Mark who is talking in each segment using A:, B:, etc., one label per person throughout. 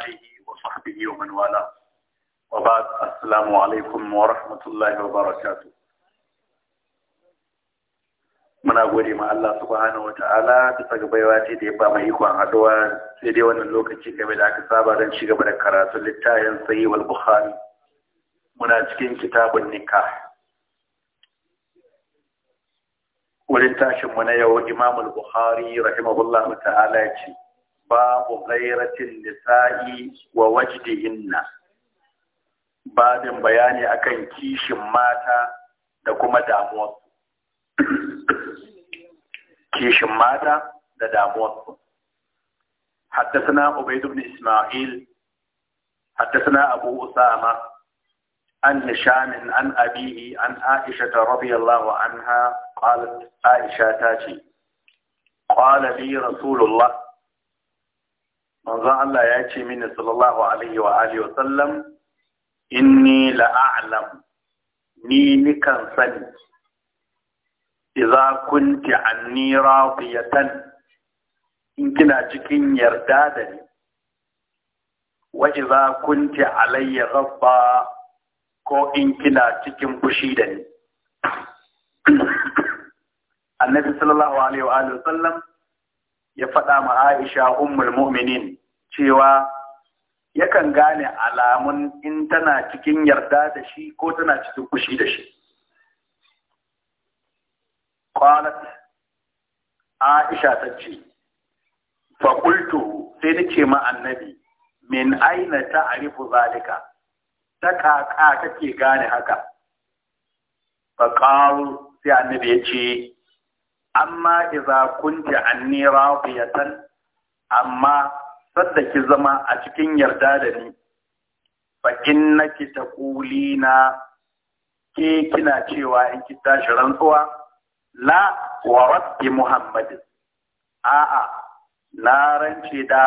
A: آله وصحبه ومن muna gode ma Allah subhanahu wata'ala ta saka baiwa ce da ya ba mai ikon haɗuwa sai dai wannan lokacin game da aka saba don ci gaba da karatun littafin sayi wal muna cikin kitabun nikah wurin tashin mu na yau imamul bukhari rahimahullah ta'ala ya ce babu gairatin nisa'i wa wajdihinna babin bayani akan kishin mata da kuma damuwarsu kishin mata da damuwarsu حدثنا عبيد بن إسماعيل حدثنا أبو أسامة عن هشام an أبيه an Aisha ta الله عنها قالت Aisha ta ce. لي رسول manzon Allah ya ce mini sallallahu alaihi wa alihi sallam inni la'alam ni nikan sani idza kunti anni radiyatan in kina cikin yarda da ni wa idza kunti alayya ghadba ko in kina cikin fushi da ni annabi sallallahu alaihi wa alihi sallam ya faɗa ma Aisha ummul mu'minin cewa yakan gane alamun in tana cikin yarda da shi ko tana cikin kushi da shi. Kwanat Aisha ta ce, fakulto sai da ce annabi, min aina ta arifu zalika, ta kaka take gane haka. Faƙaru sai annabi ya ce, Amma iza kunti anni rafiyatan, amma sadda ki zama a cikin yarda da ni fa innaki na. ke kina cewa in ki tashi rantsuwa la wa rabbi muhammad a'a na rance da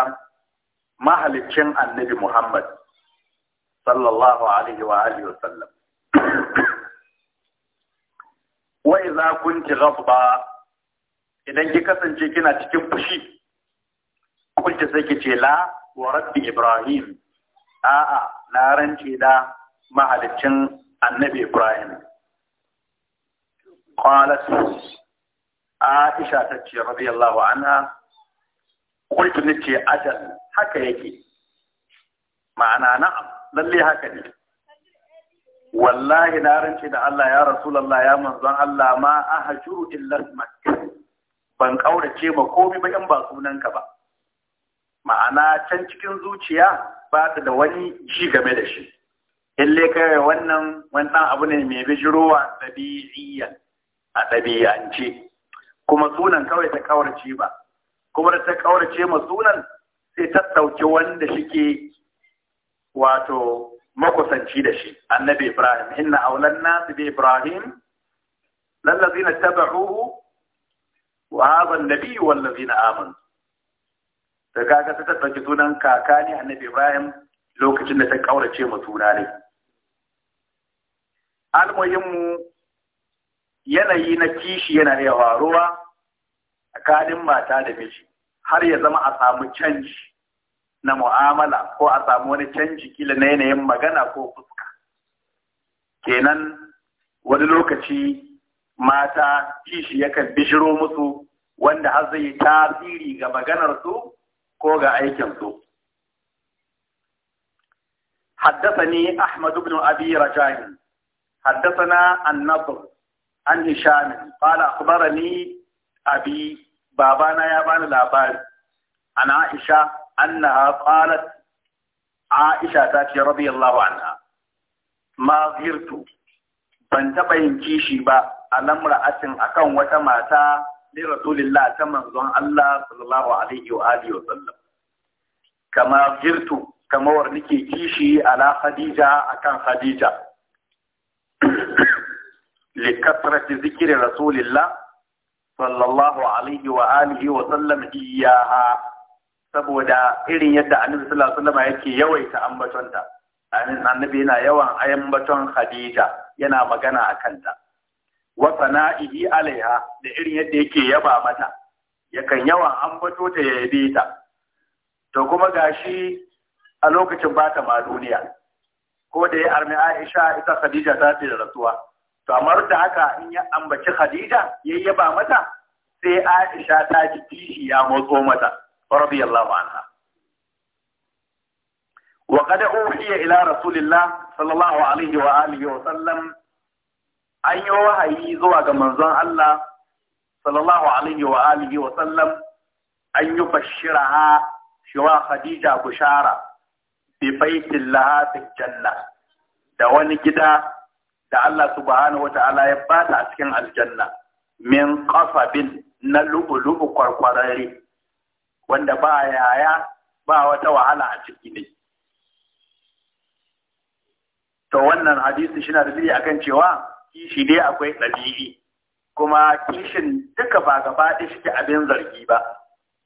A: mahalicin annabi muhammad sallallahu alaihi wa alihi wa wa idza kunti ghadba idan ki kasance kina cikin fushi hukuncin sai ke ce la wa rabbi Ibrahim a'a na rance da mahalicin annabi Ibrahim qalat Aisha ta ce radiyallahu anha qultu nace ajal haka yake ma'ana na'am lalle haka ne wallahi na rance da Allah ya rasulullah ya manzon Allah ma ahajuru illa ismak ban kaurace ma komai ba in ba sunanka ba ma'ana can cikin zuciya ba ta da wani ji game da shi ille kai wannan wannan abu ne mai bijirowa ɗabi'iyya a ɗabi'ance kuma sunan kawai ta kawarce ba kuma da ta kawarce ma sunan sai ta ɗauki wanda shike wato makusanci da shi annabi ibrahim inna aulan nasu bi ibrahim lallazina tabauhu wa hadha an wal wallazina amanu da kaga ta ɗauki sunan kaka ne annabi Ibrahim lokacin da ta ƙaurace mu tuna ne. Almuhimmu yanayi na kishi yana yawa, ruwa, tsakanin mata da miji har ya zama a samu canji na mu'amala ko a samu wani canji kila na yanayin magana ko fuska. Kenan wani lokaci mata kishi yakan bishiro musu wanda har zai tasiri ga maganarsu ko ga aikin su. Haddasani Ahmadu bin Abi Rajani, haddasana annabar an hishami, ƙala akubara ni abi babana ya bani labari, an Aisha, an Aisha ta ce rabi Allah wa ma ban taɓa yin kishi ba a lamura akan wata mata li rasulillah ta manzon Allah sallallahu alaihi wa alihi wa sallam kama jirtu kamar nake kishi ala Khadija akan Khadija li kasrati zikri rasulillah sallallahu alaihi wa alihi wa sallam iyaha saboda irin yadda annabi sallallahu alaihi wa sallam yake yawaita ambatonta annabi yana yawan baton Khadija yana magana akan ta wa sana'ihi alaiha da irin yadda yake yaba mata yakan yawan ambato ta ya yabe ta to kuma gashi a lokacin ba ta ma duniya ko da ya armi Aisha ita Khadija ta ce da rasuwa to amma da haka in ya ambaci Khadija yayi yaba mata sai Aisha ta ji kishi ya motso mata radiyallahu anha wa qad uhiya ila rasulillah sallallahu alaihi wa alihi wa sallam an yi wahayi zuwa ga manzon Allah sallallahu alaihi wa alihi wa sallam an yi bashiraha shiwa Khadija bushara bi baitin laha janna da wani gida da Allah subhanahu wa ta'ala ya bata a cikin aljanna min qafabin na lubu kwarkwarare kwarkwararre wanda ba yaya ba wata wahala a ciki ne to wannan hadisi shi na da akan cewa kishi dai akwai ɗabi'i kuma kishin duka ba gaba ɗaya shi abin zargi ba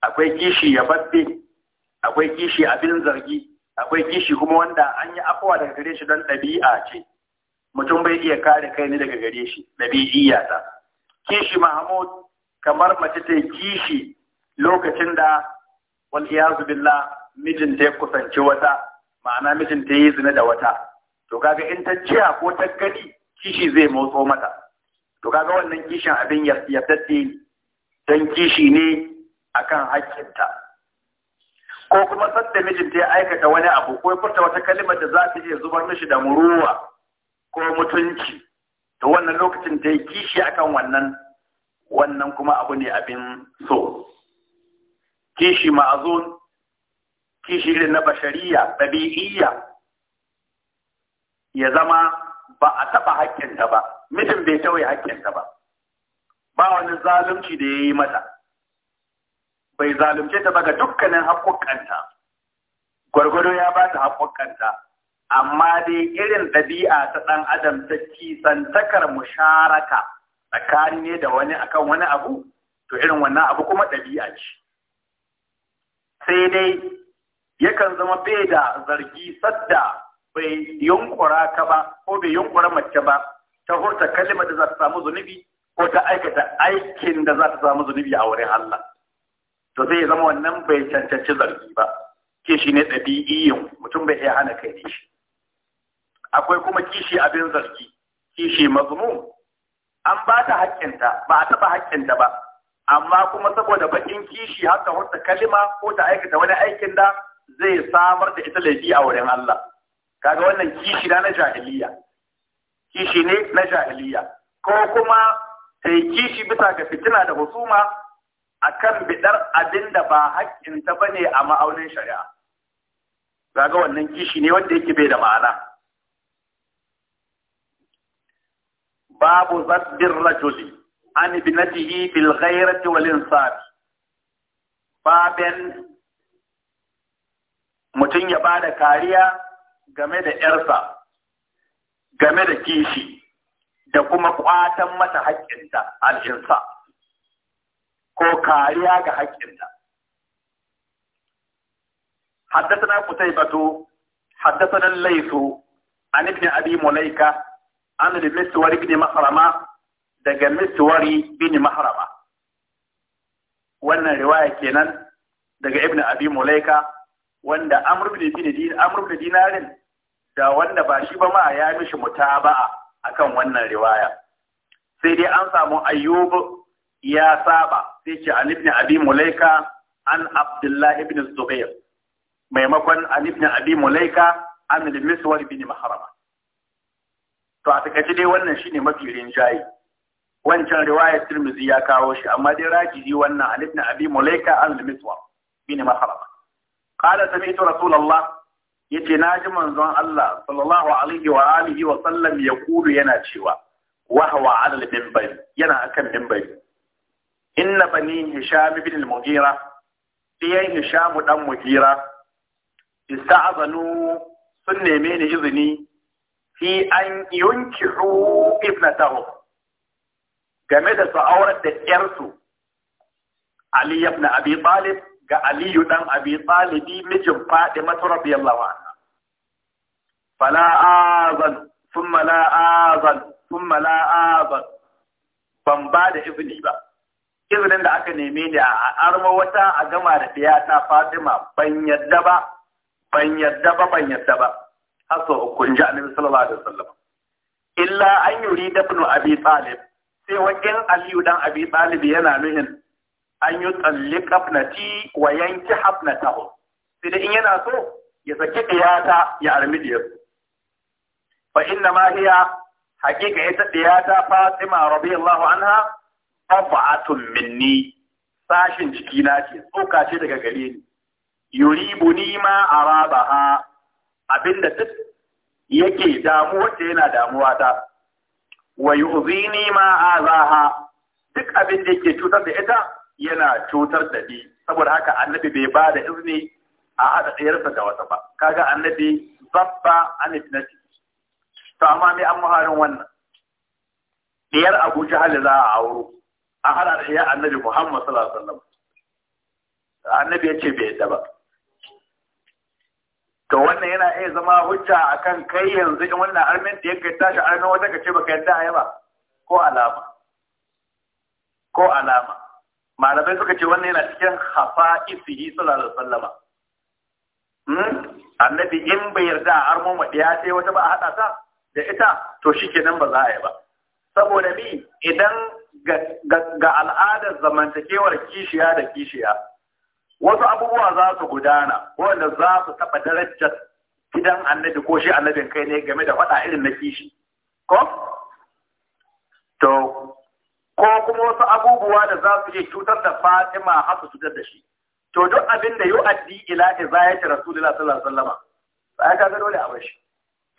A: akwai kishi ya babbe akwai kishi abin zargi akwai kishi kuma wanda an yi afuwa daga gare shi don ɗabi'a ce mutum bai iya kare kai ni daga gare shi ɗabi'iyya ta kishi mahmud kamar mace ta kishi lokacin da waliyazu billah mijinta ya kusanci wata ma'ana mijin ta yi zina da wata to kaga in ta ciya ko ta gani kishi zai motso mata to kaga wannan kishin abin ya tadde dan kishi ne akan hakkinta ko kuma sadda mijinta ya aikata wani abu ko ya furta wata kalma da za ta iya zubar mishi da muruwa ko mutunci to wannan lokacin ta yi kishi akan wannan wannan kuma abu ne abin so kishi ma'azun kishi irin na bashariya ɗabi'iyya ya zama ba a taɓa hakkinta ba mijin bai tauye hakkinta ba ba wani zalunci da ya yi mata bai zalunce ta ba ga dukkanin haƙƙoƙanta gwargwado ya ba ta haƙƙoƙanta amma dai irin ɗabi'a ta ɗan adam ta kisantakar musharaka tsakani ne da wani akan wani abu to irin wannan abu kuma ɗabi'a ce sai dai yakan zama bai da zargi sadda bai yunkura ka ba ko bai yunkura mace ba ta hurta kalmar da za ta samu zunubi ko ta aikata aikin da za ta samu zunubi a wurin Allah to sai zama wannan bai cancanci zargi ba ke shi ne ɗabi'iyyin mutum bai iya hana kai shi akwai kuma kishi abin zargi kishi mazmum an ba ta haƙƙinta ba a taɓa haƙƙinta ba amma kuma saboda bakin kishi har ta hurta kalima ko ta aikata wani aikin da zai samar da ita laifi a wurin Allah kaga wannan kishi na jahiliya kishi ne na jahiliya ko kuma sai kishi bisa ga fitina da husuma akan bidar abin da ba haƙƙin ba ne a ma'aunin shari'a kaga wannan kishi ne wanda yake bai da ma'ana babu zabbir rajuli an binatihi bil ghayrati wal insafi baben mutum ya bada kariya game da ‘yarsa, game da kishi, da kuma ƙwatan mata haƙƙinta, aljinsa, ko kariya ga haƙƙinta. Haddasa na kusai bato, haddasa na laifo, an ibi abi mulaika, an da mistuwari bini maharama, daga mistuwari bini maharama. Wannan riwaya kenan daga ibn abi wanda an da dinarin da wanda ba shi ba ma ya mishi mutaba'a akan wannan riwaya sai dai an samu ayyub ya saba sai ce an ibn abi mulaika an abdullahi ibn zubair maimakon an ibn abi mulaika an al-miswar ibn mahrama to a takaice dai wannan shine mafi rinjaye wancan riwayar tirmizi ya kawo shi amma dai rajihi wannan an ibn abi mulaika an al-miswar ibn mahrama قال سمعت رسول الله yace na ji manzon Allah sallallahu alaihi wa alihi wa sallam ya kulu yana cewa wahwa ala al-minbar yana akan minbar inna bani hisham ibn al-mughira diyan hisham dan mughira ista'zanu sun neme ni izini fi an yunkihu ibnatahum game da su aurar da yarsu Ali ibn Abi Talib ga Aliyu dan Abi Talibi mijin Fatima radiyallahu anha fala azan thumma la azan thumma la azan ban ba da izini ba izinin da aka neme ne a arma wata a gama da ta Fatima ban yadda ba ban yadda ba ban yadda ba har Kun ji annabi sallallahu alaihi wasallam illa an yuri da ibn abi talib sai wajen aliyu dan abi talib yana nuhin an yi tsalli hafnati wa yanki hafnatahu sai da in yana so ya saki ɗiyata ya armi diyar fa inna ma hiya hakika ita ɗiyata Fatima radiyallahu anha tabatun minni sashin na ce tsoka ce daga gare ni ni ma arabaha abinda duk yake damuwa ta yana damuwa ta wa yu'zini ma azaha duk abin da yake cutar da ita yana cutar da ni saboda haka annabi bai ba da izini a haɗa ɗayarsa da wata ba kaga annabi zabba annabi na ciki to amma mai an muharin wannan ɗiyar abu jahal za a auro a haɗa da ɗiyar annabi muhammad sallallahu alaihi wasallam annabi ya ce bai yadda ba to wannan yana iya zama hujja akan kai yanzu in wannan armin da ya tashi armin wata ka ce baka yadda a yaba ko alama ko alama malamai suka ce wannan yana cikin hafa'isihi sallallahu alaihi sallama hmm? annabi in bai yarda a armon wadda ya sai wata ba a haɗa ta da ita to shi kenan ba za a yi ba saboda bi, idan ga al'adar zamantakewar kishiya da kishiya wasu abubuwa za su gudana wanda za su taɓa darajar gidan annabi ko shi annabin kai ne game da faɗa irin na kishi ko to ko kuma wasu abubuwa da za su iya cutar da Fatima haka su cutar da shi to duk abin da yau addi ila ci rasulullah sallallahu alaihi wasallam sai ka ga dole a bashi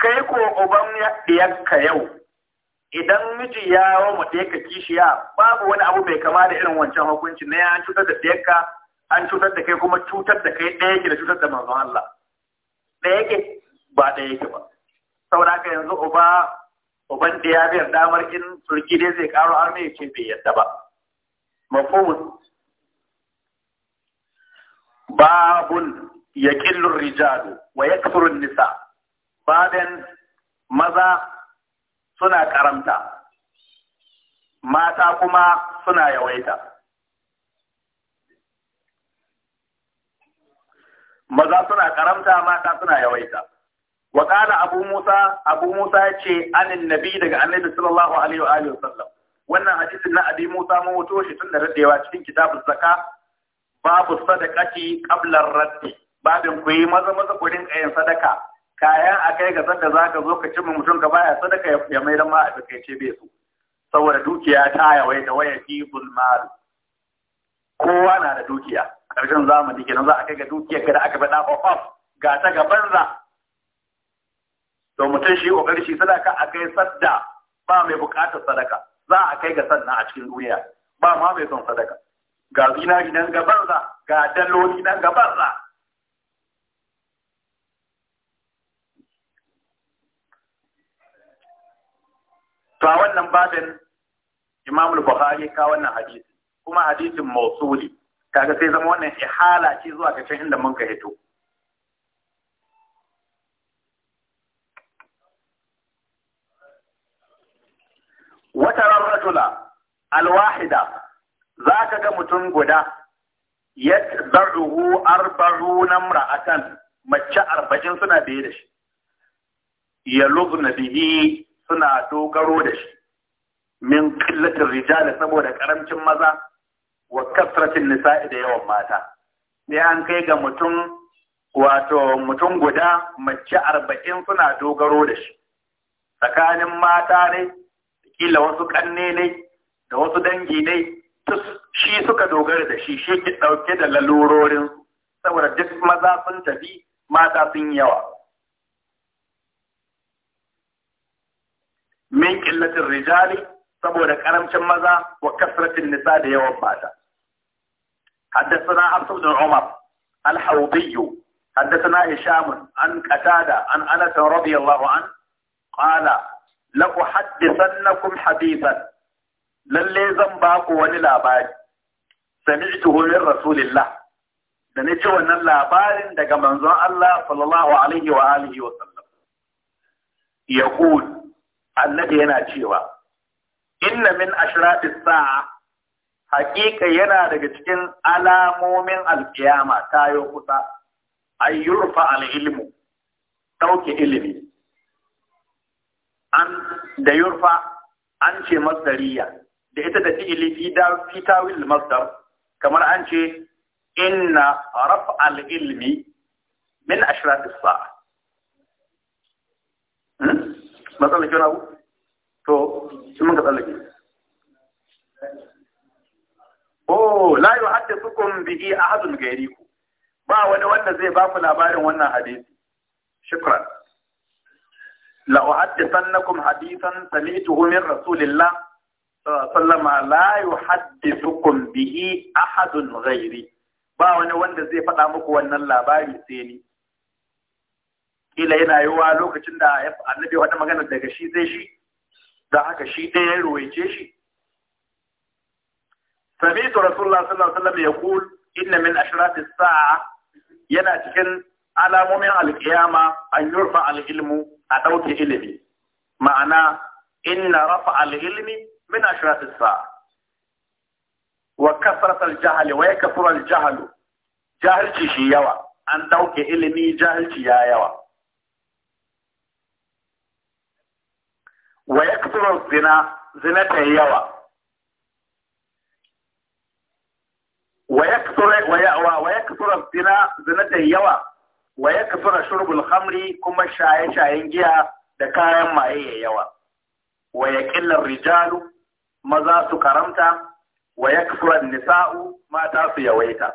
A: kai ko uban diyarka yau idan miji ya wa mata ka kishiya babu wani abu bai kama da irin wancan hukunci ne an cutar da diyarka an cutar da kai kuma cutar da kai ɗaya ke da cutar da manzon Allah ɗaya ke, ba ɗaya ke ba saboda haka yanzu uba uban da ya biyar damar in turki dai zai karo arme ya ce bai yadda ba mafhumun babun yaqillu rijalu wa yakthuru nisa baben maza suna karamta mata kuma suna yawaita maza suna karamta mata suna yawaita wa kana abu musa abu musa yace anin nabi daga annabi sallallahu alaihi wa alihi wasallam wannan hadisin na abi musa mun wato shi tun da raddewa cikin kitabul zakka babu sadaqati qabla raddi babin ku yi maza maza ku kayan sadaka kayan akai ga sanda zaka zo ka ci mutum ka baya sadaka ya mai dan ma a ce bai so saboda dukiya ta yawaita waya fi mal kowa na da dukiya ƙarshen zamani kenan za a kai ga dukiyar ka da aka faɗa ga ta ga banza to mutum shi ƙoƙari shi sadaka a kai sadda ba mai buƙatar sadaka za a kai ga sanna a cikin duniya ba ma mai son sadaka ga zinari nan ga banza ga daloli nan ga banza to a wannan babin Imam Bukhari ka wannan hadisi kuma hadisin mausuli kaga sai zama wannan ihala ce zuwa ga can inda mun ka hito wata rajula alwahida za ka ga mutum guda arbaru na imra'atan mace arba'in suna biye da shi ya lubna bihi suna dogaro da shi min qillatir rijali saboda karamcin maza wa kasratin nisa'i da yawan mata sai an kai ga mutum wato mutum guda mace arba'in suna dogaro da shi tsakanin mata ne kila wasu kanne ne da wasu dangi ne shi suka dogara da shi shi ke ɗauke da lalurorin saboda duk maza sun tafi mata sun yawa min killacin rijali saboda ƙaramcin maza wa kasratin nisa da yawan mata حدثنا عبد بن عمر الحوضي حدثنا هشام عن قتادة عن أنس رضي الله عنه قال la uhaddisannakum hadithan lalle zan ba ku wani labari sami'tuhu min rasulillah da ne ce wannan labarin daga manzon Allah sallallahu alaihi wa alihi wa sallam yaqul annabi yana cewa inna min ashratis sa'a haƙiƙa yana daga cikin alamomin alƙiyama ta yi kusa ayyurfa al-ilmu ɗauke ilimi an da yurfa an ce masdariya da ita da fi'ili fi da fi tawil masdar kamar an ce inna raf'al ilmi min ashrat as-sa'a matsala hmm? kina ku to shi mun ka tsallake oh la yuhaddithukum bihi ahadun ghayrikum ba wani wanda zai ba ku labarin wannan hadisi shukran لأحدثنكم حديثا سمعته من رسول الله صلى الله عليه وسلم لا يحدثكم به أحد غيري ba wani wanda zai faɗa muku wannan labari sai ni kila yana yiwuwa lokacin da annabi wata magana daga shi sai shi da haka shi ɗaya ya ruwaice shi sami'tu rasulullah sallallahu alaihi wasallam yaqul inna min ashrati sa'a yana cikin alamomin alkiyama an yurfa al-ilmu a ɗauke ilimi ma'ana inna rafa al'ilmi, ilmi min ashrat wa kasrat al-jahl wa yakthur al-jahl jahilci shi yawa an ɗauke ilimi jahalci ya yawa wa yakthur az-zina zina ta yawa wa yakthur wa yakthur az-zina zina ta yawa wa ya kafira shurbul khamri kuma shaye-shayen giya da kayan maye ya yawa wa ya ƙillar rijalu maza su karamta wa ya kafira nisa'u mata su yawaita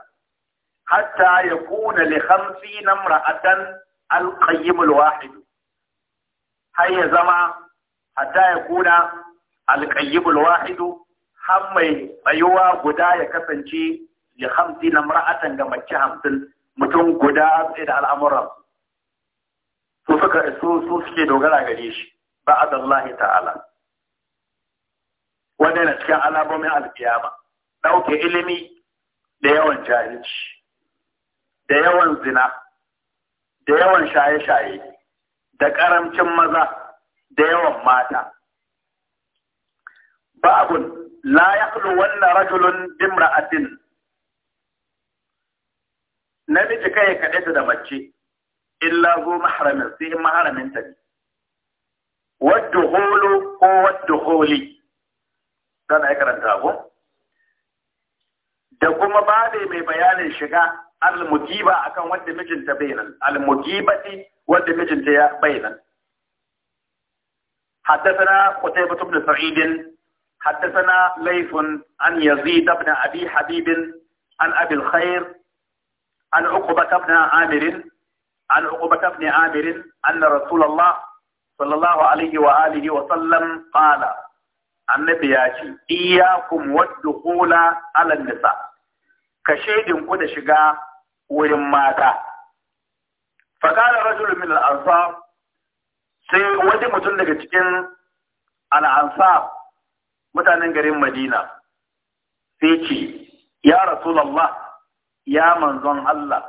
A: hatta ya kuna li hamsi na mra'atan alƙayyimul wahidu har ya zama hatta ya kuna alƙayyimul wahidu har mai tsayuwa guda ya kasance li hamsi na mra'atan ga mace hamsin mutum guda tsaye da al'amuran su suka su suke dogara gare shi ba a zallahi ta'ala wanda yana cikin alamomin alkiyama ɗauke ilimi da yawan jahilci da yawan zina da yawan shaye-shaye da ƙaramcin maza da yawan mata ba abun la yaqlu wannan rajulun bimra'atin namiji kai ya kaɗaita da mace illa zo maharamin sai in maharamin ta ne wadda holo ko wadda holi zan ai karanta ko da kuma babe mai bayanin shiga al-mujiba akan wadda mijinta bai nan almugibati wadda mijinta ya bai nan حدثنا قتيبة بن سعيد حدثنا ليث عن يزيد بن أبي حبيب عن أبي الخير عن عقبة بن عامر عن عقبة بن عامر أن رسول الله صلى الله عليه وآله وسلم قال annabi ya ce iyakum waddukhula ala nisa ka shedin ku da shiga wurin mata fa kana rajul min al ansar sai wani mutum daga cikin al ansar mutanen garin Madina sai ce ya rasulullah ya manzon Allah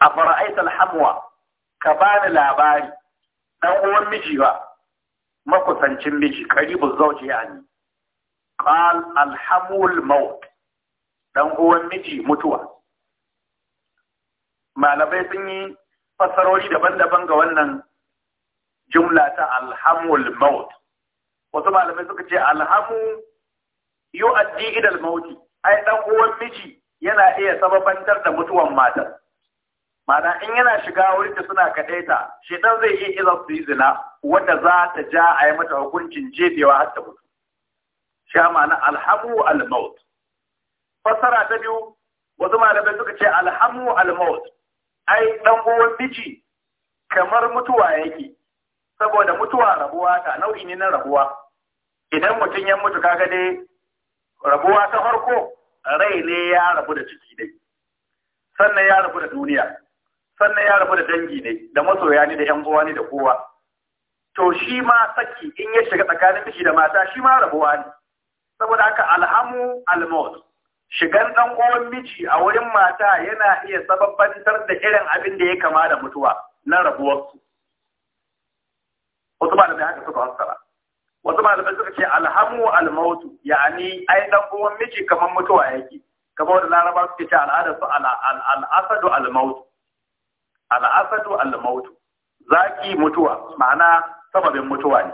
A: a fara'aitar hamwa ka bani labari dan uwan miji ba makusancin miji karibu zauji ya ne qal alhamul maut dan uwan miji mutuwa malamai sun yi fassarori daban-daban ga wannan jumla ta alhamul maut wasu malamai suka ce alhamu yu'addi ila mauti ai dan uwan miji yana iya sababantar da mutuwan matar Mana in yana shiga wurin da suna kadaita shedan zai iya izar su yi zina wanda za ta ja a yi mata hukuncin jefewa har ta mutu sha ma'ana alhamu almaut fassara ta biyu wasu malamai suka ce alhamu almaut ai dan uwan miji kamar mutuwa yake saboda mutuwa rabuwa ta nau'i ne na rabuwa idan mutum ya mutu kaga dai rabuwa ta farko rai ne ya rabu da ciki ne sannan ya rabu da duniya sannan ya rabu da dangi ne da masoya ne da yan uwa ne da kowa to shi ma saki in ya shiga tsakanin miji da mata shi ma rabuwa ne saboda haka alhamu almod shigan dan uwan miji a wurin mata yana iya sababantar da irin abin da ya kama da mutuwa na rabuwarsu. Wasu ba da haka suka fassara. wasu malamai suka ce alhamu almautu yani ai dan uwan miji kamar mutuwa yake kamar da laraba suke ce al'ada su al'asadu almautu al'asadu almautu zaki mutuwa ma'ana sababin mutuwa ne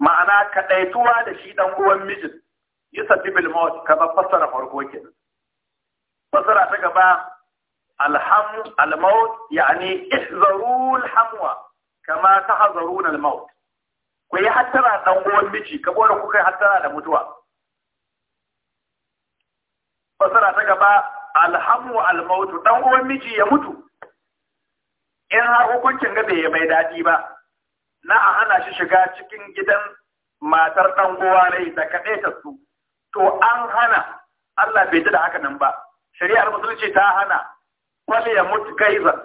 A: ma'ana kadaituwa da shi dan uwan mijin yusabbi bibil maut kamar fassara farko kenan fassara ta gaba alham almaut yani ihzaru alhamwa kama tahzaruna almaut ku yi hattara a gowan miji ka da kuka yi hattara da mutuwa fasara ta gaba alhamu almautu dan uwan miji ya mutu in har hukuncin ga bai mai daɗi ba na a hana shi shiga cikin gidan matar ɗanguwa uwa rai da kaɗai ta su to an hana Allah bai ji da haka nan ba shari'ar Musulci ta hana kwale ya mutu kaizan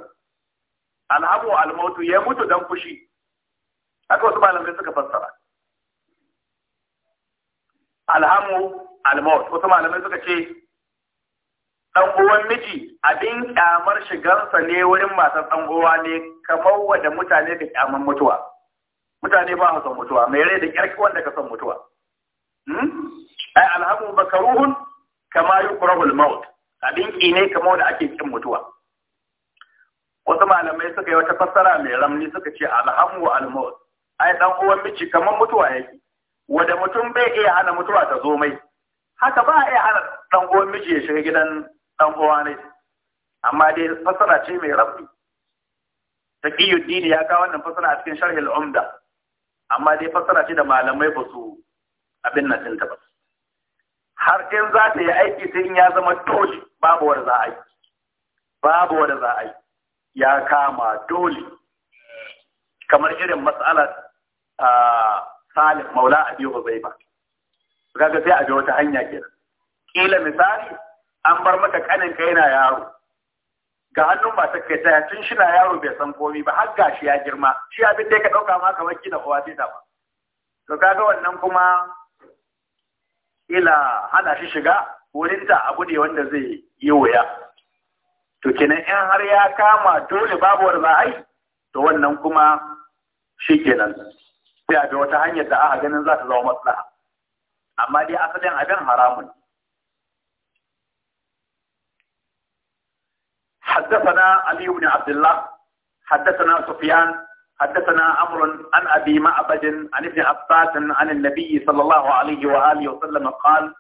A: alhamu almautu ya mutu dan fushi haka wasu malamai suka fassara alhamu almaut wasu malamai suka ce dan uwan miji abin kyamar shigarsa ne wurin matan dan uwa ne kamar wanda mutane da kyaman mutuwa mutane ba su son mutuwa mai rai da kyarki wanda ka son mutuwa hmm? ai alhamu bakaruhun kama yukrahul maut abin ki ne kamar wanda ake kin mutuwa wasu malamai suka yi wata fassara mai ramni suka ce alhamu almaut ai dan uwan miji kamar mutuwa yake wanda mutum bai iya hana mutuwa ta zo mai haka ba iya hana dan uwan miji ya shiga gidan dan uwa ne amma dai fasara ce mai rabbi taqiyuddin ya kawo wannan fasara a cikin sharh al-umda amma dai fasara ce da malamai ba su abin nan ɗinta ba har in za ta yi aiki sai in ya zama dole babu wanda za a yi babu wanda za a yi ya kama dole kamar irin matsalar Salim Maula Abi Huzaifa kaga sai a bi wata hanya ke. kila misali an bar maka kaninka yana yaro ga hannun ba ta kai taya tun shina yaro bai san komi ba har gashi ya girma shi abin da ka dauka ma kamar kina uwa ta ba to kaga wannan kuma ila hana shi shiga wurinta ta abu ne wanda zai yi wuya to kenan in har ya kama dole babu wani za a to wannan kuma shi kenan حدثنا علي بن عبد الله حدثنا سفيان حدثنا عمرو عن ابي معبد عن ابن عباس عن النبي صلى الله عليه واله وسلم قال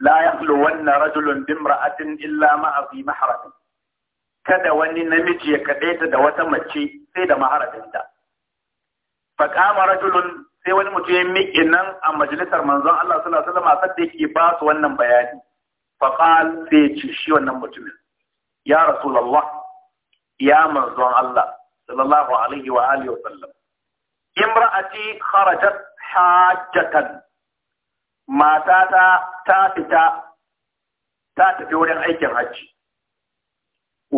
A: لا يخلون رجل بامراه الا مع في محرم كذا وني نمجي كديت دوت متشي سيد محرم faqama rajulun sai wani mutum ya miƙe nan a majalisar manzon Allah sallallahu alaihi wasallam sai yake ba su wannan bayani faqal sai ci shi wannan mutumin ya rasulullah ya manzon Allah sallallahu alaihi wa alihi wasallam imra'ati kharajat hajjatan matata ta fita ta tafi wurin aikin hajji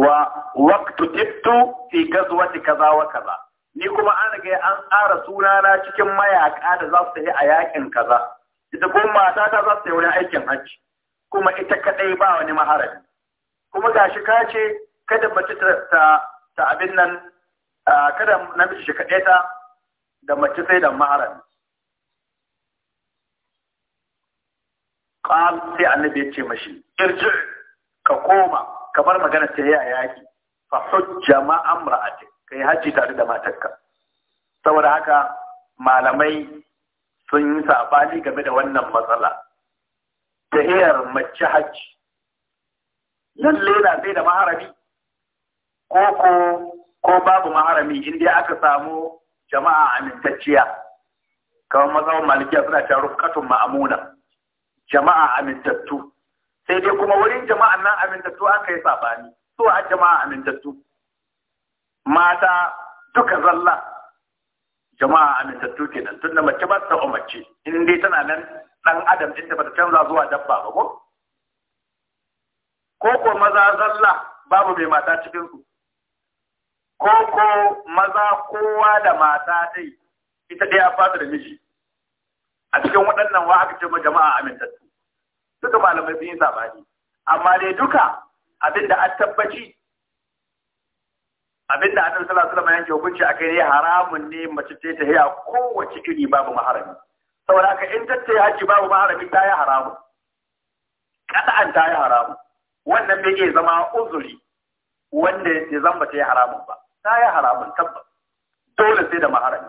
A: wa waqtu tibtu fi gazwati kaza wa kaza ni kuma an ga an tsara sunana cikin mayaka da za su yi a yakin kaza ita kuma mata ta za su yi wurin aikin hajji kuma ita kadai ba wani maharabi. kuma gashi ka ce kada mace ta ta abin nan kada namiji shi kadai ta da mace sai da maharabi. qal sai annabi ya ce mashi irji ka koma ka bar magana ta yi a yaki fa hujja ma amra'atik ka yi hajji tare da matarka saboda haka malamai sun yi saɓani game da wannan matsala ta hiyar mace hajji lalle na sai da maharami ko ko ko babu maharami inda aka samu jama'a amintacciya kamar mazaun malikiya suna cewa rufkatun ma'amuna jama'a amintattu sai dai kuma wurin jama'an nan amintattu an kai saɓani su jama'a amintattu mata duka zalla jama'a a ke nan tun da mace ba ta umarci in dai tana nan dan adam din da bata canza zuwa dabba ba ko ko ko maza zalla babu mai mata cikin su ko ko maza kowa da mata dai ita dai a fata da miji a cikin waɗannan wa aka ce ma jama'a amintattu duka malamai sun yi sabani amma dai duka abin da an tabbaci abinda annabi sallallahu alaihi wasallam yake hukunci akai ne haramun ne mace ta ta haya kowace iri babu maharami saboda haka in ta ta haji babu maharami ta yi haramu kada'an ta yi haramu wannan bai iya zama uzuri wanda ya zamba ta yi haramun ba ta yi haramun tabbas dole sai da maharami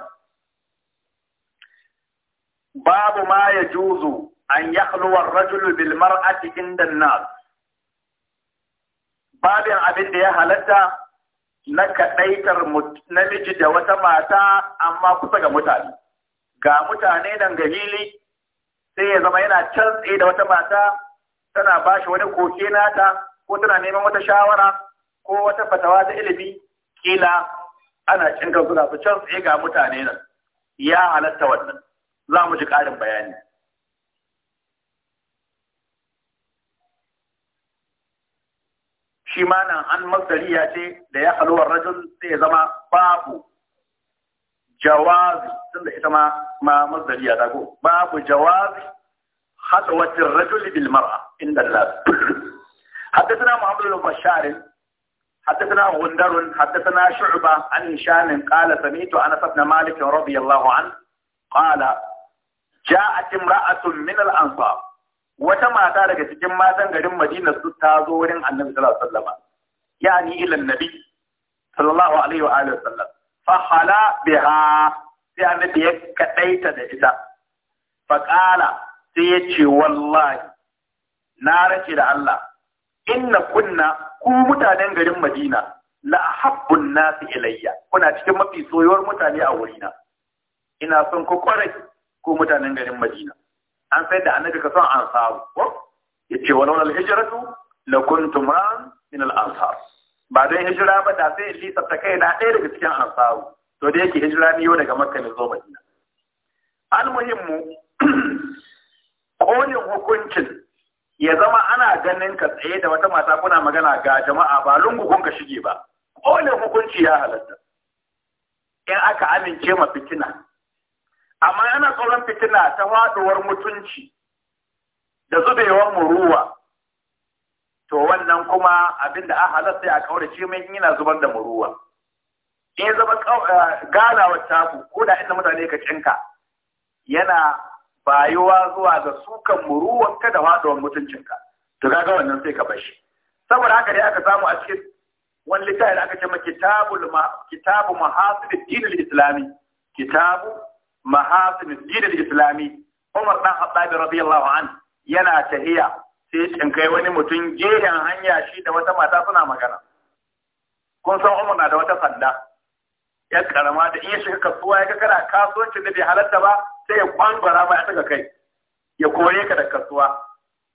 A: babu ma ya juzu an yakhluwa ar-rajulu bil mar'ati inda an-nas babin abin da ya halatta na kaɗaitar namiji da wata mata amma kusa ga mutane ga mutane nan ga hili sai ya zama yana can tsaye da wata mata tana ba shi wani koke nata ko tana neman wata shawara ko wata fatawa ta ilimi kila ana cin da su can tsaye ga mutane nan ya halatta wannan za mu ji ƙarin bayani shi ma nan an masdariya ce da ya haluwar rajul sai ya zama babu jawazi tunda ita ma ma masdariya ta ko babu jawazi hadawatir rajul bil mar'a inda Allah حدثنا محمد بن بشار حدثنا غندر حدثنا شعبة عن هشام قال سمعت أنس بن مالك رضي الله عنه قال جاءت امرأة من الأنصار wata mata daga cikin matan garin Madina su ta zo wurin Annabi sallallahu alaihi wasallam yani ila sallallahu alaihi wa alihi wasallam fa hala biha sai Annabi ya kadaita da ita fa qala sai ya ce wallahi na race da Allah inna kunna ku mutanen garin Madina la habbun nasi ilayya kuna cikin mafi soyuwar mutane a wurina ina son ku kware ku mutanen garin Madina an sai da annabi ka son ansaru ko yace wa al hijratu la kuntum ran min al ansar ba dan hijira ba da sai lisa ta kai na ɗaya daga cikin ansaru to da yake hijira ne yau daga makka ne zo madina al muhimmu kolin hukuncin ya zama ana ganin ka tsaye da wata mata kuna magana ga jama'a ba kun ka shige ba kolin hukunci ya halatta in aka amince ma fitina amma yana tsoron fitina ta faɗuwar mutunci da zubewar muruwa to wannan kuma abin da aka sai a kaurace mai yana zubar da muruwa in zama zama eh, wa taku ko da inda mutane ka cinka yana bayuwa zuwa ga sukan muruwar ka da faɗuwar mutuncinka to kaga wannan sai ka bashi saboda haka dai aka samu a cikin wani littafi da aka ce ma kitabul ma kitabu mahasibi dinul islami kitabu mahasin dinin islami Umar dan Khattab radiyallahu an yana tahiya sai in kai wani mutum gehen hanya shi da wata mata suna magana kun san Umar na da wata sanda ya karama da in ya shiga kasuwa ya ga kana kasuwanci da bai halatta ba sai ya kwangwara ma ya kai ya kore ka da kasuwa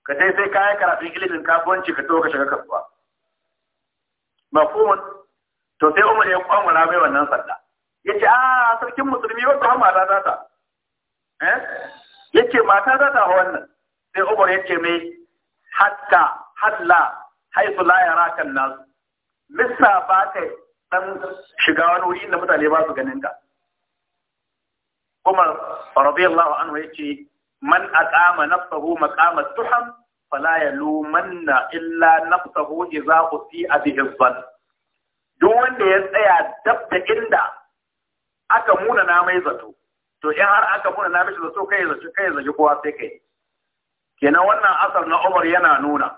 A: ka sai sai kayan karatun ilimin kasuwanci ka to ka shiga kasuwa mafhumun to sai Umar ya kwangwara mai wannan sanda ya ce a ah, sarkin musulmi wata har mata za ta eh? ya ce mata za ta wannan sai umar ya ce mai hatta halla haifu la ya rakan nasu lissa ba ta dan shiga wani wuri inda mutane ba su ganin ta umar radiyallahu anhu ya ce man aqama nafsahu maqama tuham fala yalumanna illa nafsahu idza usi bihi dhann duk wanda ya tsaya dab da inda aka muna na mai zato to in har aka muna na mai zato kai zato kai zato kowa sai kai kenan wannan asar na Umar yana nuna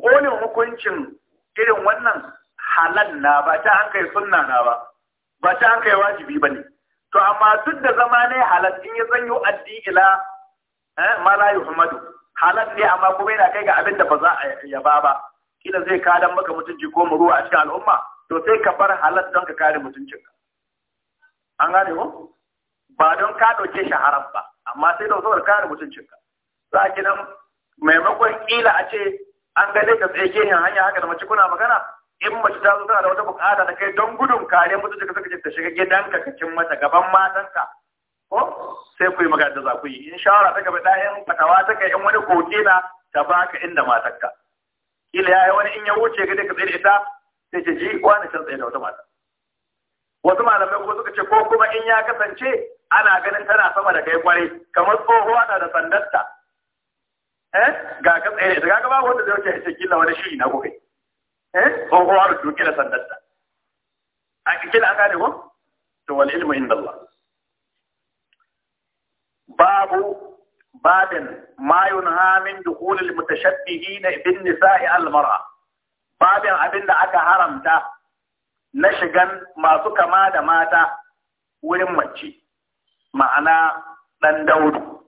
A: kolin hukuncin irin wannan halal na ba ta an kai sunna na ba ba ta an kai wajibi ba ne to amma duk da zama ne halal in ya zanyo addi ila eh, ma la yuhammadu halal ne amma kuma yana kai ga abin da ba za a yaba ba kila zai kadan maka mutunci ko muruwa a cikin al'umma to sai ka bar halal don ka kare mutuncinka an gane ko ba don ka dauke shi haram ba amma sai don saboda kare mutuncinka za a nan maimakon kila a ce an gane ka tsaye gehen hanya haka da mace kuna magana in mace ta zo tana da wata bukata da kai don gudun kare mutuncinka suka ce ta shiga gidanka ka cin mata gaban matanka ko sai ku yi magana da za ku yi in shawara ta gaba ɗayan fatawa ta kai in wani kokina ta baka inda ka. kila ya yi wani in ya wuce ka ka tsaye da ita sai ce ji wani can tsaye da wata mata wasu malamai kuma suka ce ko kuma in ya kasance ana ganin tana sama da kai kwarai kamar tsohuwa na da sandarta eh ga ka tsaye da ga babu wanda zai wuce ya killa wani shiri na kuka eh tsohuwa da duke da sandarta a kila an gane ko to wal ilmu inda Allah babu babin ma yunha min dukhul al mutashabbihin bin nisa'i al mar'a babin abin da aka haramta na shigan masu kama da mata wurin mace ma'ana ɗan daudu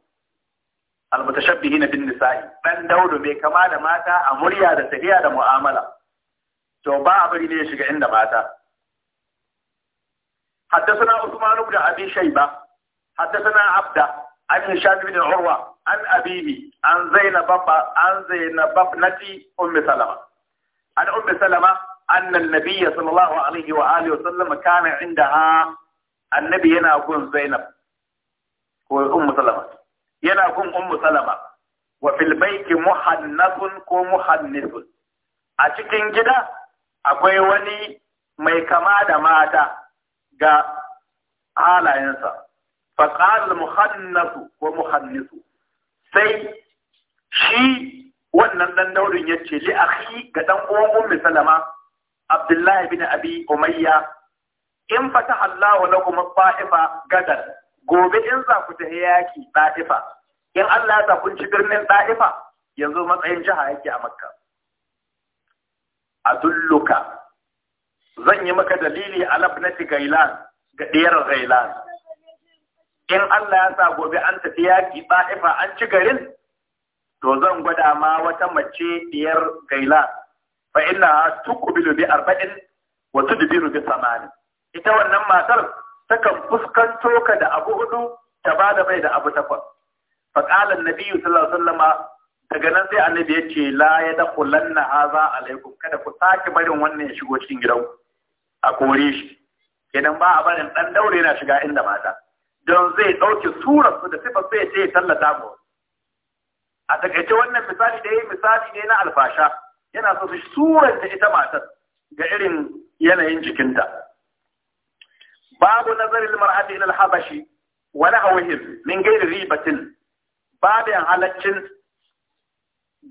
A: bihi na bin nisa'i ɗan daudu mai kama da mata a murya da tafiya da mu'amala to ba a bari ne ya shiga inda mata حدثنا عثمان بن أبي شيبة حدثنا عبدة an هشام بن عروة عن an عن زينب عن زينب ابنة أم salama. an ummi salama anna annabiyya sallallahu annabi yana gun zainab ko ummu salama yana gun ko muhannithun a cikin gida akwai wani mai kama da mata ga halayensa faqal muhannasu ko muhannithu sai shi wannan dan daurin ya ce li akhi ga dan uwan ummi salama abdullahi bin abi umayya in fataha Allahu lakum fa'ifa gadar gobe in za ku tafi yaki fa'ifa in Allah ya sa ci birnin fa'ifa yanzu matsayin jiha yake a makka adulluka zan yi maka dalili a labnati gailan ga diyar gailan in Allah ya sa gobe an tafi yaki fa'ifa an ci garin to zan gwada ma wata mace diyar gaila fa inna tuqbilu bi arba'in wa tudbiru bi samani ita wannan matar takan fuskanto ka da abu hudu ta bada bai da abu takwas fa qala an sallallahu alaihi wasallama daga nan sai annabi ya ce la ya dakulanna haza alaikum kada ku sake barin wannan ya shigo cikin gidan a kore shi kenan ba a barin dan daure yana shiga inda mata don zai dauke surar su da sifar sai ya tallata mu a takaice wannan misali da yi misali ne na alfasha yana so su suranta ita matar ga irin yanayin jikinta babu nazarin mar'ati ilal habashi wani nahwihim min gairi ribatin yan halaccin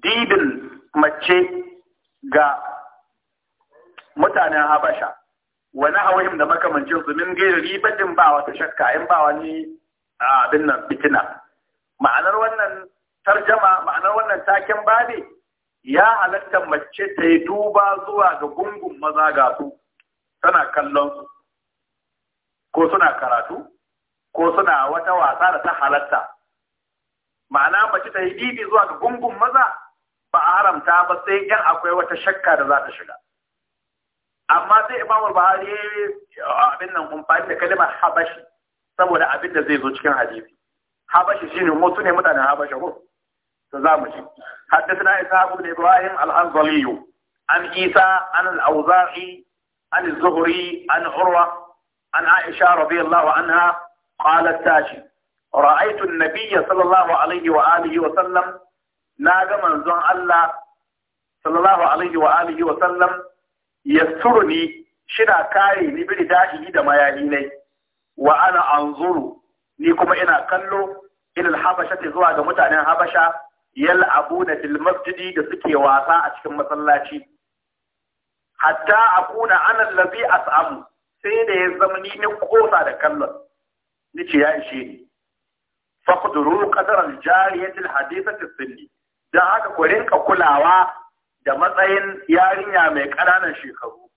A: dibin mace ga mutanen habasha wani nahwihim da makamancin su min gairi ribatin ba wata shakka in ba wani abin nan fitina ma'anar wannan tarjama ma'anar wannan taken babi ya halatta mace ta yi duba zuwa ga gungun maza ga su tana kallon su ko suna karatu ko suna wata wasa da ta halatta ma'ana mace ta yi dibi zuwa ga gungun maza ba a haramta ba sai yan akwai wata shakka da za ta shiga amma sai imam buhari abin nan kumfani da kalimar habashi saboda abin da zai zo cikin hadisi habashi shine mutu ne mutanen habashi ko تزامج حدثنا إسحاق بن إبراهيم الحنظلي عن عيسى عن الأوزاعي عن الزهري عن عروة عن عائشة رضي الله عنها قالت تاشي رأيت النبي صلى الله عليه وآله وسلم ناقة منزون الله صلى الله عليه وآله وسلم يسترني شنا كاري لبري داهي دما يهيني وأنا أنظر ni kuma ina kallo ilal habasha ta zuwa ga mutanen habasha yal'abuna fil masjidi da suke wasa a cikin masallaci hatta akuna ana allazi as'amu sai da ya zama ni kosa da kallon nace ya ishe ni faqduru qadar al jariyati hadithati sunni dan haka ku rinka kulawa da matsayin yarinya mai ƙananan shekaru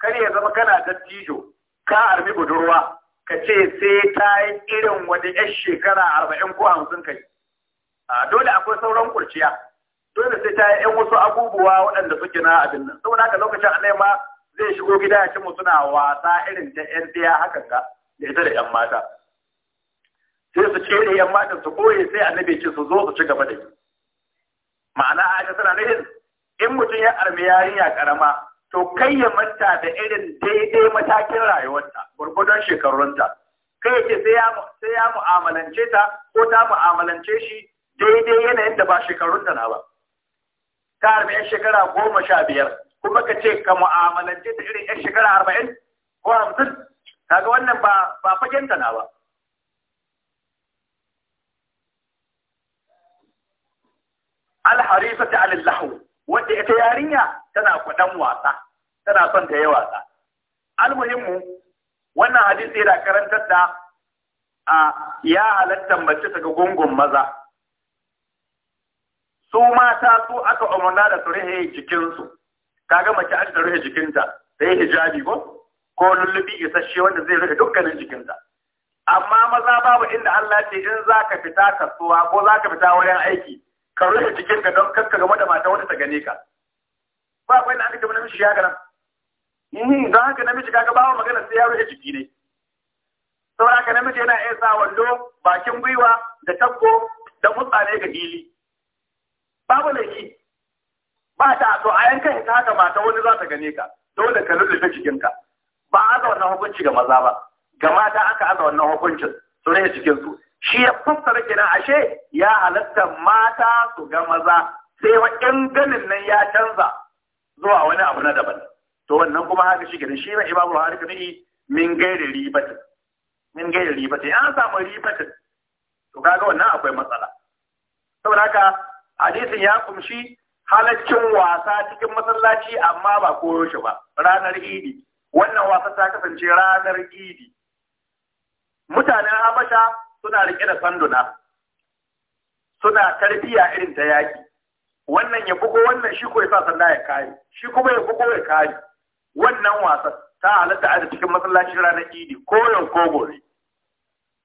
A: kar ya zama kana dattijo ka armi budurwa ka ce sai ta yi irin wani 'yar shekara arba'in ko hamsin kai dole akwai sauran kurciya dole sai ta yi wasu abubuwa waɗanda suke na abin nan saboda haka lokacin Allah ma zai shigo gida ya mu suna wasa irin ta yan tsaya hakan ka da ita da 'yan mata sai su ce da 'yan matan su koye sai annabi ce su zo su ci gaba da yi ma'ana aisha tana nufin in mutum ya armi yarinya karama to kai ya manta da irin daidai matakin rayuwarta gurgudon shekarunta kai ya ce sai ya mu'amalance ta ko ta mu'amalance shi daidai yanayin da ba shekarun da na ba ta yan shekara goma sha biyar kuma ka ce ka mu'amalance ta irin yan shekara arba'in ko hamsin kaga wannan ba ba fagen da na ba alharifatu alil alillahu wanda ita yarinya tana kudan wasa tana son ta yi wasa almuhimmu wannan hadisi yana karantar da ya halatta mace ta ga gungun maza su mata su aka umarna da su rihe jikinsu kaga mace an da rihe jikinta ta yi hijabi ko ko lullubi isasshe wanda zai rihe dukkanin jikinta amma maza babu inda Allah ce in za ka fita kasuwa ko za ka fita wurin aiki ka rihe jikinka don kakka ga da mata wanda ta gane ka ba akwai na aka namiji ya gana mhm, don haka namiji kaga bawa magana sai ya rufe jiki ne saboda haka namiji yana iya sa wando bakin gwiwa da tabbo da mutsa ga hili babu laifi ba ta to a yankan ta haka mata wani za ta gane ka dole ka cikin ka ba aza wannan hukunci ga maza ba ga mata aka aza wannan hukuncin su rage jikinsu shi ya fassara gina ashe ya halatta mata su ga maza sai wa ganin nan ya canza zuwa wani abu na daban to wannan kuma haka shi kenan shi ne imamu buhari ne min gairi ribatin min gairi ribatin an samu ribatin to kaga wannan akwai matsala saboda haka hadisin ya kumshi halaccin wasa cikin masallaci amma ba koyo shi ba ranar idi wannan wasa ta kasance ranar idi mutanen habasha suna rike da sanduna suna tarbiya irin ta yaki wannan ya bugo wannan shi ko ya sa sanda ya kare shi kuma ya bugo ya kare wannan wasan ta halatta a cikin masallacin ranar idi koyon ko gobe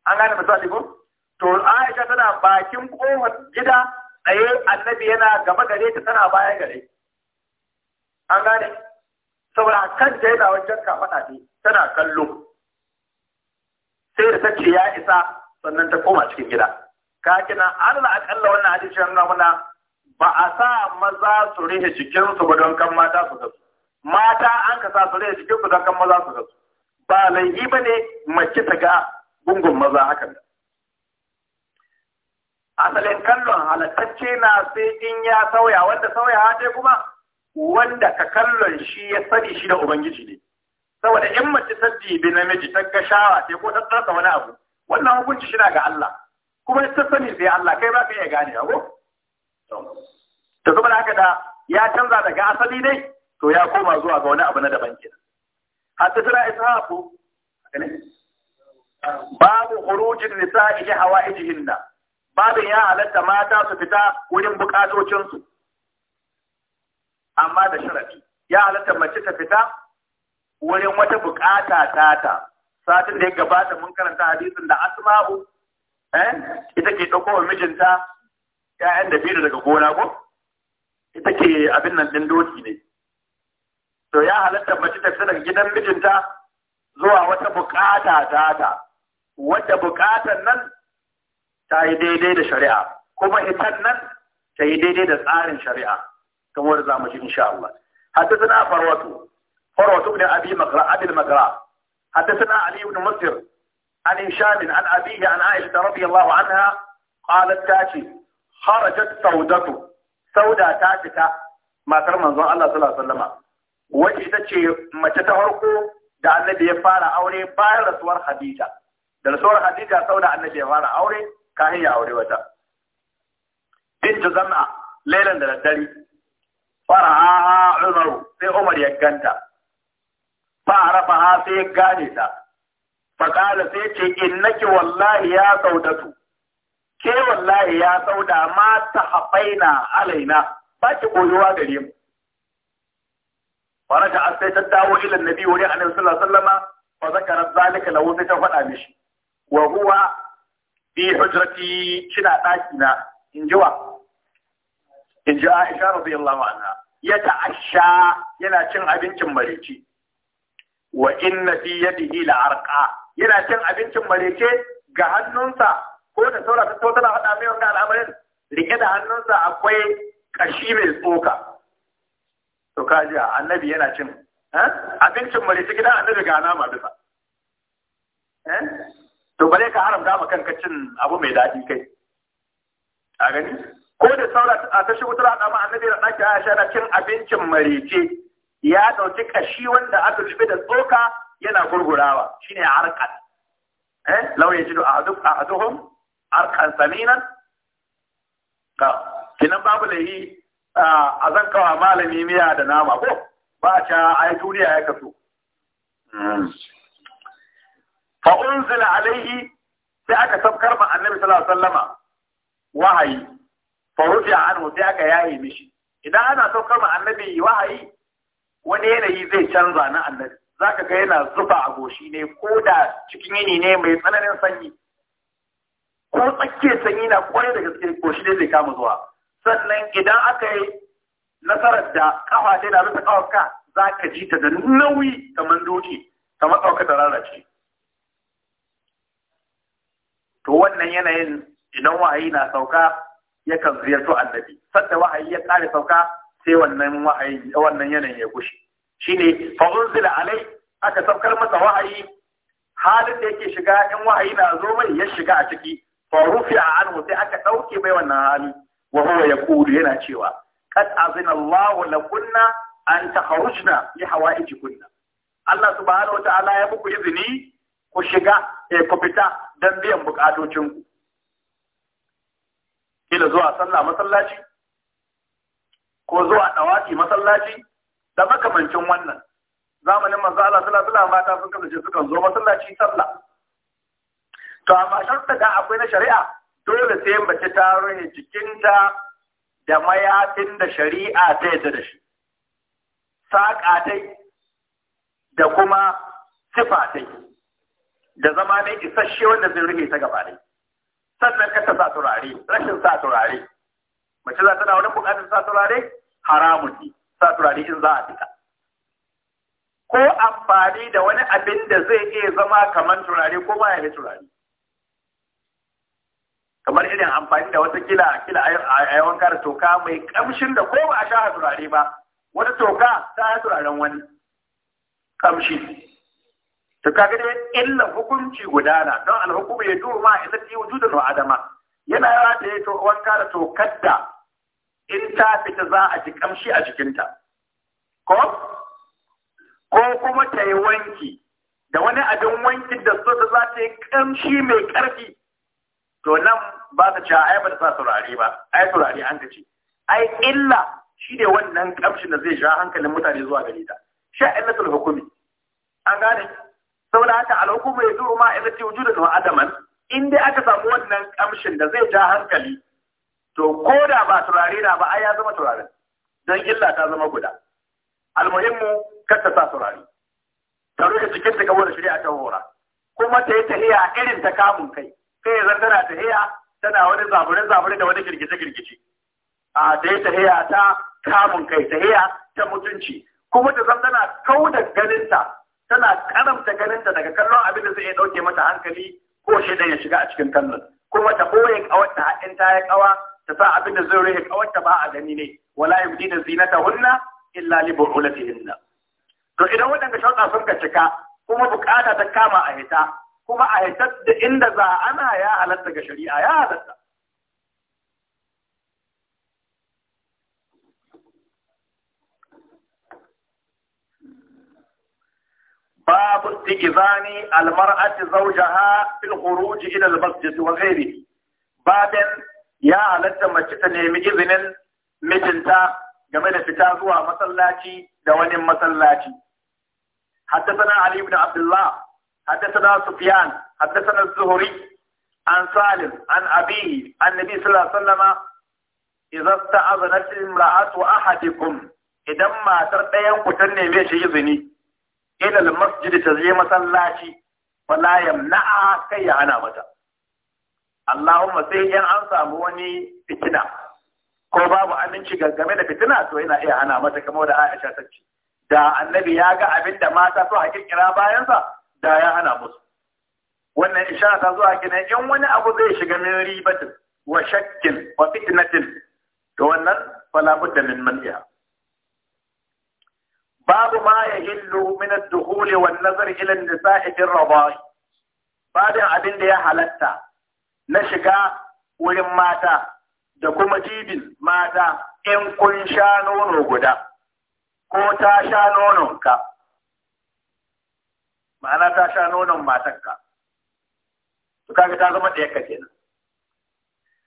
A: an gane misali ko to Aisha tana bakin kofar gida tsaye annabi yana gaba gare ta tana baya gare an gane saboda kan ta yana wajen kafaɗa ne tana kallo sai da ta ce ya isa sannan ta koma cikin gida ka kina Allah akalla wannan hadisi yana muna ba a sa maza su rihe cikin ba don kan mata su gasu mata an ka sa su rihe su don kan maza su gasu ba laifi ba ne mace ta ga gungun maza hakan asalin kallon halattacce na sai in ya sauya wanda sauya haɗe kuma wanda ka kallon shi ya sani shi da ubangiji ne saboda in mace ta dibi namiji ta ga shawa sai ko ta tsaka wani abu wannan hukunci shi na ga Allah kuma ta sani sai Allah kai ba ka iya gane ko to saboda haka da ya canza daga asali ne, to ya koma zuwa ga wani abu na daban kenan hatta tana ishaku babu khurujin nisa'i hawaijihinna babin ya halatta mata su fita wurin bukatocinsu amma da sharafi ya halatta mace ta fita wurin wata bukata tata satin da ya gabata mun karanta hadisin da asma'u eh ita ke dauko wa mijinta ƴaƴan da biyu daga gona ko ita ke abin nan din doki ne to ya halatta mace ta fita daga gidan mijinta zuwa wata bukata tata wadda bukatan nan ta yi daidai da shari'a kuma ita nan ta yi daidai da tsarin shari'a kamar za mu ji insha Allah حدثنا فروة farwatu. Farwatu أبي مقرأ أبي المقرأ حدثنا علي بن مصر عن an عن أبيه عن عائشة رضي الله عنها قالت تاتي خرجت سودة سودة تاتك ما ترى من الله صلى الله عليه Wace ita ce mace ta farko da annabi ya fara aure bayan rasuwar Hadija da rasuwar Hadija sau da annabi ya fara aure kahin ya aure wata ta zam'a lailan da daddare faraha umaru sai umar ya ganta fa ha sai ya gane ta faƙala sai ce innaki wallahi ya saudatu ke wallahi ya sauda ma ta haɓaina alaina ba ki koyuwa gare mu faraja sai ta dawo ilan nabi wuri a nan alaihi fa zakara zalika lahu sai ta faɗa mishi wa huwa fi hujrati kina daki na in ji wa in ji Aisha radiyallahu anha ya ta'asha yana cin abincin mareci wa inna fi yadihi arqa yana cin abincin marece ga hannunsa ko da saura ta tana faɗa mai wannan al'amarin rike da hannunsa akwai kashi mai tsoka to kaji annabi yana cin eh? abincin marece gidan annabi ga nama bisa to bare ka haramta ma kanka cin abu mai daɗi kai a gani ko da saura a ta shi wutar haɗa ma annabi da ɗaki a shana cin abincin marice ya ɗauki kashi wanda aka rufe da tsoka yana gurgurawa shine harkar. eh duk A duhun arkan saminan ka kinan babu lahi a zan kawa malami miya da nama ko ba a ca ai duniya ya kaso hmm. fa unzila alaihi sai aka sabkar ma annabi sallallahu alaihi wasallama wahayi fa rufi'a anhu sai aka yaye mishi idan ana saukar ma annabi wahayi wani yanayi zai canza na annabi zaka ga yana zuba a goshi ne ko da cikin yini ne mai tsananin sanyi ko tsakiyar sanyi na kwarai da gaske goshi ne zai kama zuwa sannan idan aka yi nasarar da kafa ta da bisa kawaka za ka ji ta da nauyi kamar doki kamar ɗaukar da rarrace to wannan yanayin idan wahayi na sauka kan ziyarto annabi sanda wahayi ya kare sauka sai wannan wahayi wannan yanayin ya gushe shine fa unzila alai aka saukar masa wahayi halin da yake shiga in wahayi na zo mai ya shiga a ciki fa rufi'a anhu sai aka dauke mai wannan hali wa huwa yaqulu yana cewa qad azina Allahu lakunna an takharujna li hawaijikunna Allah subhanahu wa ta'ala ya muku izini ku shiga eh ku fita don biyan bukatocinku kila zuwa sallah masallaci ko zuwa dawaki masallaci da makamancin wannan zamanin manzo Allah sallallahu alaihi mata sun kasance suka zo masallaci sallah to amma sharta da akwai na shari'a dole sai mace ta rufe jikinta da mayafin da shari'a ta yadda da shi saƙatai dai da kuma sifatai. da zama ne isasshe wanda zai rufe ta gaba sannan ka sa turare rashin sa turare mace za ta na wani bukatar sa turare haramun ne sa turare in za a fita ko amfani da wani abin da zai iya zama kamar turare ko ba ya yi turare kamar irin amfani da wata kila kila a yawan kara toka mai kamshin da ko ba a sha turare ba wata toka ta yi turaren wani kamshi to kaga dai illa hukunci gudana don alhukumu ya duru ma illa fi wujudan wa adama yana yawa da ya to wanka da to kadda in ta fita za a ji kamshi a jikinta ko ko kuma ta yi wanki da wani abin wankin da so da za ta yi kamshi mai karfi to nan ba ta cewa ai ba ta sa turare ba ai turare an ka ce ai illa shi ne wannan kamshin da zai sha hankalin mutane zuwa gare ta sha'ilatul hukumi an gane saboda haka alhukumu ya zuru ma ibati wujuda da adaman in dai aka samu wannan kamshin da zai ja hankali to ko da ba turare na ba ai ya zama turaren dan illa ta zama guda almuhimmu kar ta sa turare ta rufe cikin ta kawo da shari'a ta hora kuma ta yi tahiya irin ta kamun kai kai zan tana tahiya tana wani zaburi zaburi da wani girgice girgice a ta yi tahiya ta kamun kai tahiya ta mutunci kuma ta zan tana ganin ta tana karamta ganinta daga kallon abin da zai iya dauke mata hankali ko shaidan ya shiga a cikin kallon kuma ta ɓoye ƙawarta in ta ya ƙawa ta sa abin da zai rufe kawarta ba a gani ne wala yubdina zinatahunna illa li bu'ulatihinna to idan waɗanda sharuɗa sun ka cika kuma bukata ta kama a hita kuma a hitar da inda za ana ya halatta ga shari'a ya halatta باب استئذان المرأة زوجها في الخروج إلى المسجد وغيره باب يا علت مجد نيمي إذن مجنتا جميل فتازوا مسلاتي دوان مسلاتي حدثنا علي بن عبد الله حدثنا سفيان حدثنا الزهري عن سالم عن أبيه عن النبي صلى الله عليه وسلم إذا استأذنت امرأة أحدكم إذا ما ترتين قتلني بيش إذني ila masjid ta je masallaci fala yamna'a kai ya hana mata Allahumma sai in an samu wani fitina ko babu aminci gangame da fitina to yana iya hana mata kamar da Aisha ta ce da annabi ya ga abin da mata so a kirkira sa, da ya hana musu wannan ishara ta zuwa kina in wani abu zai shiga min ribatin wa shakkin wa fitnatin to wannan fala budda min man'iha babu ma ya hillu min ad-dukhul wan nazar ila an-nisa'i fi ar abin da ya halatta na shiga wurin mata da kuma jibin mata in kun sha nono guda ko ta sha nononka ma'ana ta sha nonon matanka to kaga ta zama ɗaya ka kenan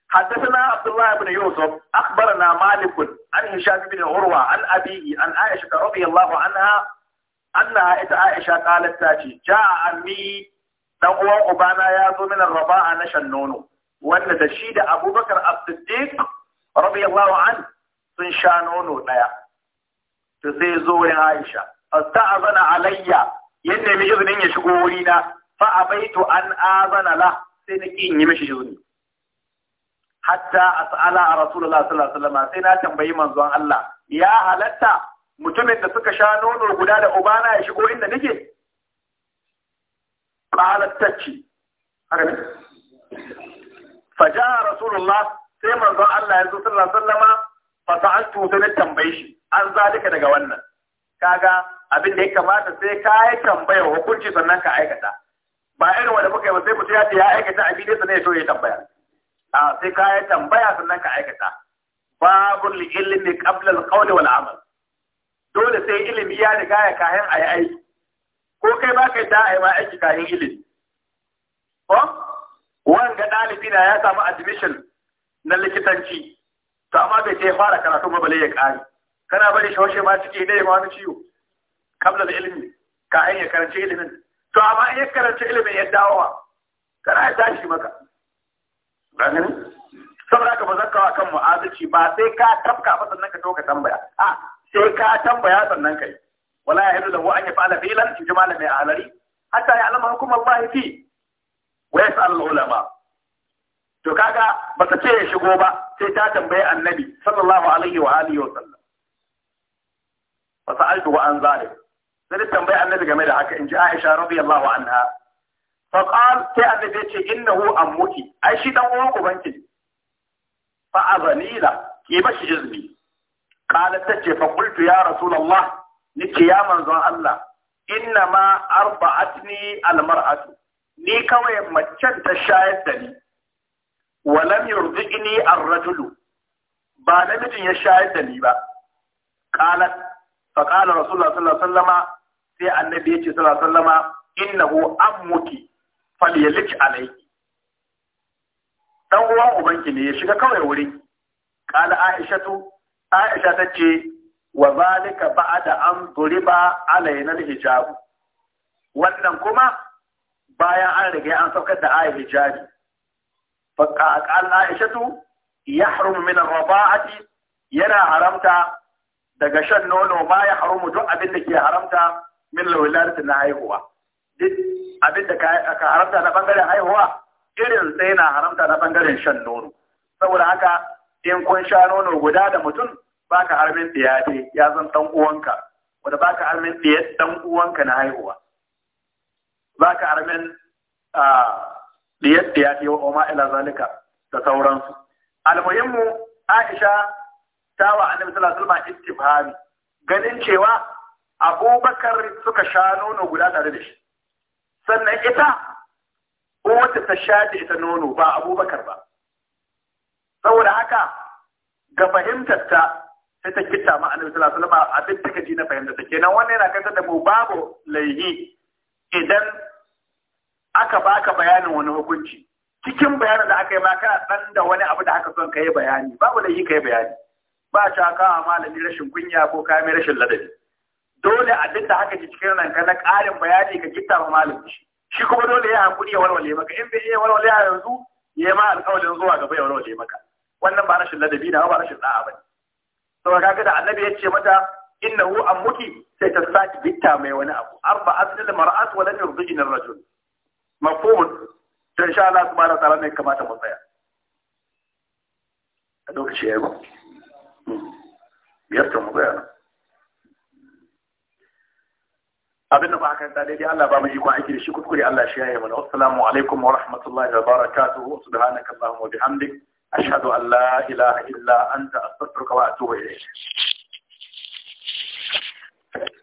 A: حدثنا عبد الله بن يوسف أخبرنا مالك عن هشام بن عروة عن أبيه عن عائشة رضي الله عنها أنها إذا عائشة قالت تاتي جاء عمي دعوة أبانا يازو من الرضاعة نشا النونو وأن تشيد أبو بكر الصديق رضي الله عنه سنشا نونو ليا تسيزو عائشة استأذن علي ينمي إذن يشكو لنا فأبيت أن آذن له سنكين يمشي إذني hatta as'ala a rasulullah sallallahu alaihi wasallam sai na tambayi manzon Allah ya halatta mutumin da suka sha nono guda da ubana ya shigo inda nake qalattacci haka Fa faja rasulullah sai manzon Allah ya zo sallallahu alaihi wasallam fa sa'altu sai na tambaye shi an zalika daga wannan kaga abin da ya kamata sai ka yi tambayar hukunci sannan ka aikata ba irin wanda muka yi ba sai mutum ya ce ya aikata abin da ya so ya tambaya a ah, sai ka yi tambaya sannan ka aikata babu ilmi ilimi al-qawli wal amal dole sai ilimi ya riga ya kayan yi aiki ko kai ba kai da yi ma aiki kayan ilimi ko wanga dalibi na ya samu admission na likitanci to amma bai ce fara karatu ba bale ya kare kana bari shawashe ma ciki dai ma wani ciwo qabla ilimi kayan ka ya karanci ilimin to amma in ya karanci ilimin ya dawowa kana ya tashi maka gani saboda ka ba zakka wa kan mu'azici ba sai ka tafka ba sannan ka to ka tambaya a sai ka tambaya sannan kai wala ya hidu lahu an yaf'ala filan in malami a halari. hatta ya alama hukum Allah fi wa yas'al ulama to kaga ba ta ce ya shigo ba sai ta tambaye annabi sallallahu alaihi wa alihi wa sallam fa sa'altu wa an zalim sai tambaye annabi game da haka in ji Aisha radiyallahu anha faqal sai annabi ya ce innahu ammuki ai shi dan uwan ubanki fa azanila ki bashi izini qalat tace fa qultu ya rasulullah nake ya manzon Allah inna ma arba'atni almar'atu ni kawai macen ta shayar da ni walam yurdini ar-rajulu ba namijin ya shayar da ni ba qalat fa qala rasulullah sallallahu alaihi wasallama sai annabi ya ce sallallahu alaihi wasallama innahu ammuki faliyalik alai. dan uwan ubanki ne ya shiga kawai wuri qala aishatu aisha tace wa zalika ba'da an duriba alaina alhijab wannan kuma bayan an riga an saukar da ayi hijabi fa qala aishatu yahrum min arba'ati yana haramta daga shan nono ba ya haramu duk abin da ke haramta min lawlatin na haihuwa duk abinda ka haramta na bangaren haihuwa irin sai na haramta na bangaren shan nono saboda haka in kun sha nono guda da mutum baka harmin diya ce ya zan dan uwanka wanda baka harmin diya dan uwanka na haihuwa baka harmin diya diya ce wa ma ila zalika da sauransu almuhimmu Aisha ta wa annabi sallallahu alaihi wasallam istifhami ganin cewa Abubakar suka sha nono guda tare da shi sannan ita ko wata ta sha ta ita nono ba abubakar ba saboda haka ga fahimtar ta sai ta kitta ma annabi sallallahu alaihi wasallam abin take ji na fahimta ta kenan wannan yana kanta da babu laihi idan aka baka bayanin wani hukunci cikin bayanin da aka yi ma kana dan da wani abu da aka son ka yi bayani babu laihi ka yi bayani ba ta ka malami rashin kunya ko ka rashin ladabi dole a duk da haka ji cikin ranka na ƙarin bayani ka gita ma malam shi shi kuma dole ya hankuri ya walwale maka in bai iya walwale a yanzu ya ma alƙawarin zuwa gaba ya walwale maka wannan ba rashin ladabi na ba rashin da'a ba to kaga da annabi ya ce mata innahu ammuki sai ta saki gitta mai wani abu arba asl mar'at wa lam yurdina ar-rajul mafhum to insha Allah subhanahu wa ta'ala ne kamata mu tsaya a lokaci yayi ba hmm. biyar ta mu tsaya abin da ba hakan ta daidai Allah ba mu iko aiki da shi kuskure Allah shi yayi mana assalamu alaikum wa rahmatullahi wa barakatuhu subhanaka allahumma wa bihamdik ashhadu an la ilaha illa anta astaghfiruka wa atubu ilayk